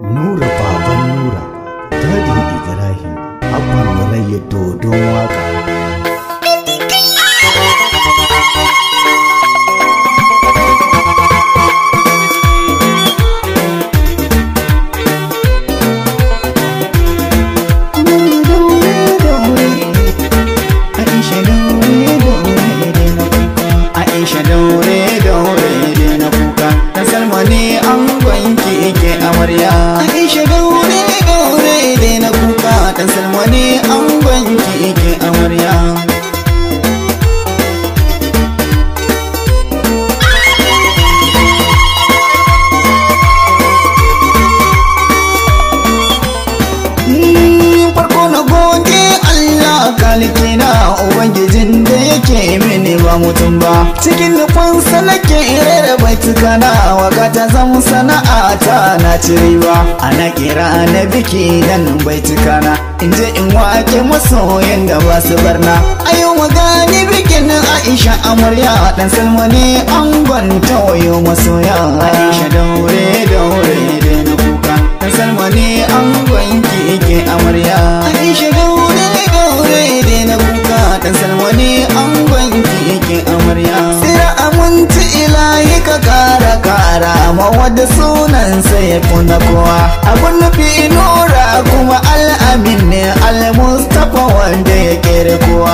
Nura Baban Nura, Dadin Ibrahim, Abban Murayyar Dodo. malikina ubangijin da yake mini ba mutum ba cikin nufansa nake rera baituka na waka ta zama sana'a ta na ciri ba ana kira na biki dan baituka na in je in wake masoyan da ba su barna a yau magani bikin aisha amarya dan salma ne an gwanta wayo masoya aisha don sama wadda sunan sai kuna kowa abun nufi nura kuma al'amin ne al-mustapha wanda ya kere kowa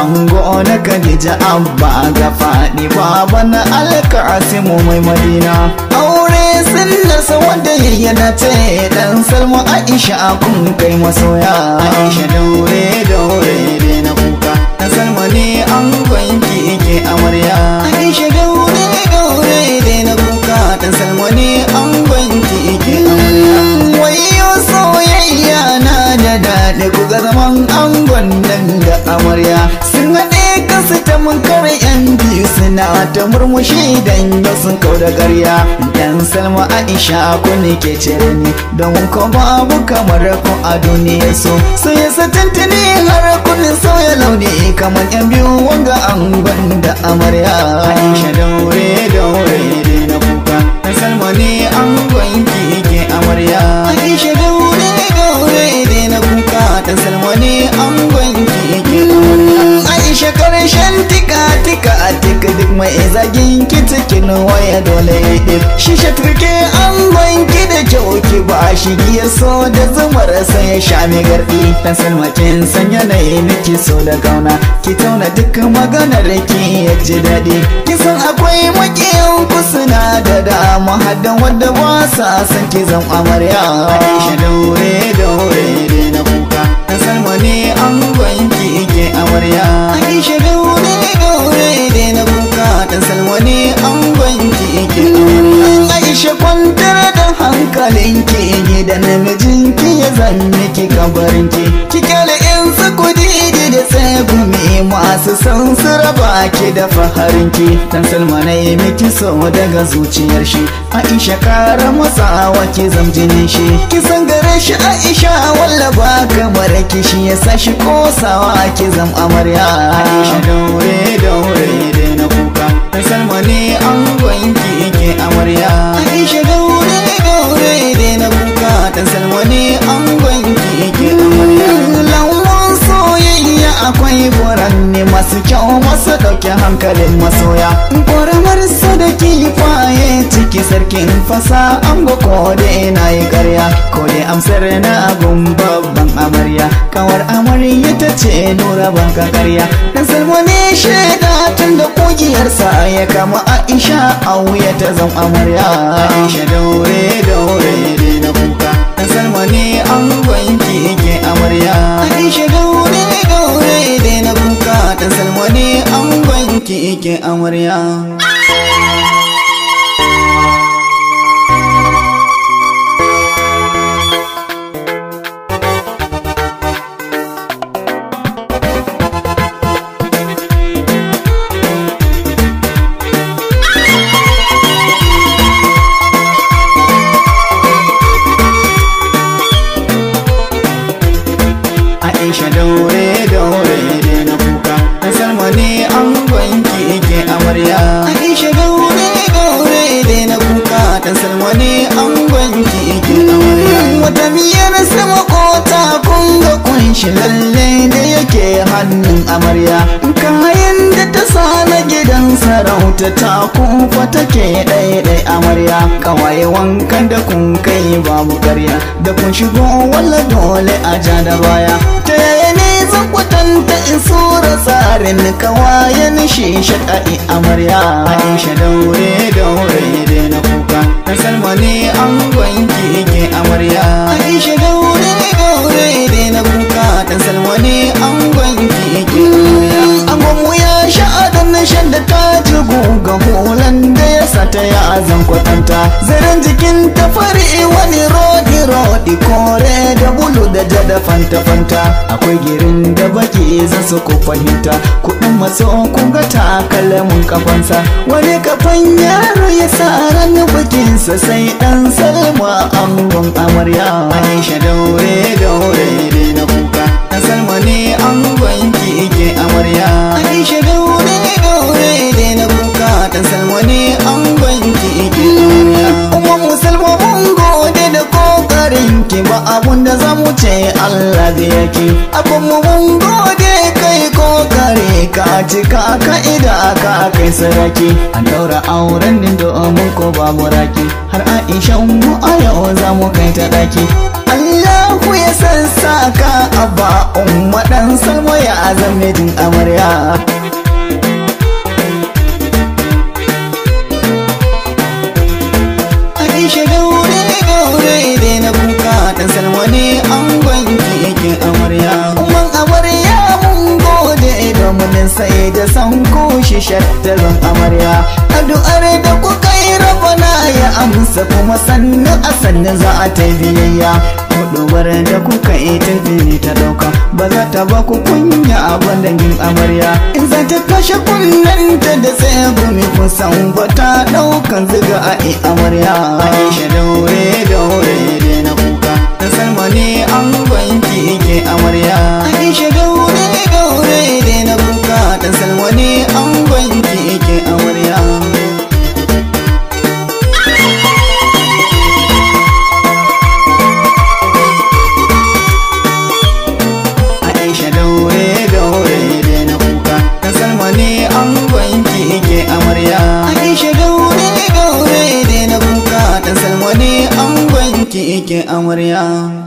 an gona kadija abba ga faɗi baba na alkasimu mai madina aure sun nasa wanda na ce dan salmu aisha kun kai masoya aisha daure daure na kuka na salma ne an kwanki ke amarya aisha kan angon nan da amarya sun haɗe kansu ta munkar yan biyu suna ta murmushi dan yau sun kau da garya dan salma aisha ku ne ke cire ni don ko babu kamar ku a duniya so sun yi satantani har sauya launi kamar yan biyu wanga angon da amarya aisha daure daure cikin waya dole ya ɗin shi shatirke an banki da kyau ki ba shi giya so da zumar sai ya sha mai garɗi dan salmacin san yi miki so da gauna ki tauna duk maganar ki ya ji daɗi ki san akwai makiyan ku da dama haddan wanda ba sa san ki zan amarya Aisha daure daure na kuka dan salma ne an banki ke amarya wani angon ki aisha kwantar da hankalinki namijin namijinki ya zanne ki kabarin ki kyale in su didi da tsegumi masu san su raba ki da faharinki dan salma na yi miki so daga zuciyar shi aisha kara matsawa ki zamjinin shi ki san gare shi aisha wallaba kamar ki shi ya sa shi kosawa ki zam amarya aisha daure daure hankalin masoya ƙoramar sadaki faye ciki sarkin fasa an kode na yi karya kode amsar na abun babban amarya kawar amarya ta ce nura banka karya dan salmo ne shaida tun da kogiyarsa ya kama aisha a wuya ta zan amarya aisha daure daure da kuka dan salmo ne an gwanki ke amarya aisha ki ike amarya shi lalle ne yake hannun amarya kayan da ta sa na gidan sarauta ta kufa take ɗaiɗai amarya kawai wankan da kun kai babu ƙarya da kun shigo walla dole a ja da baya ta yaya ne zan kwatanta in sura tsarin kawayen shi shaɗa'i amarya aisha daure daure ne na kuka na an gwanki ke amarya dan salwa ne angon keke angon mu ya sha adon na shan da ta ji ga da ya ta ya zan kwatanta zaren jikin ta fari wani rodi rodi kore da bulu da jada fanta fanta akwai girin da baki za su ku fahimta kuɗin maso kun ga takalmin kafansa wani kafan yaro ya sa ranar bikinsa sai dan salma angon amarya aisha daure daure na kuka kasar mu ne an banki ike amarya Aisha daure daure ne na kuka kasar mu ne an banki ike amarya Umma musulma mun gode da kokarin ki ba abun da za mu ce Allah da yake Abun mu mun gode kai kokare ka cika ka ka kai saraki an daura auren din domin ko ba mu raki har ishan mu a yau za mu kai ta ɗaki. Allahu ya ka a ba'un maɗan salmo ya azam jin amarya Aisha gaure gaure dai na kuka ɗan ne an gwanki yake amarya kuma amarya sai da san kushi shattarin amarya addu'ar da kuka yi rabana ya amsa kuma sannu a sannu za a ta biyayya kudubar da kuka yi tafi ta dauka ba za ta ba ku kunya a bandangin amarya in za ta kashe kullun da sai gumi kusan ba ta daukan ziga a yi amarya aisha daure daure da na kuka ta salmani an banki ke امریا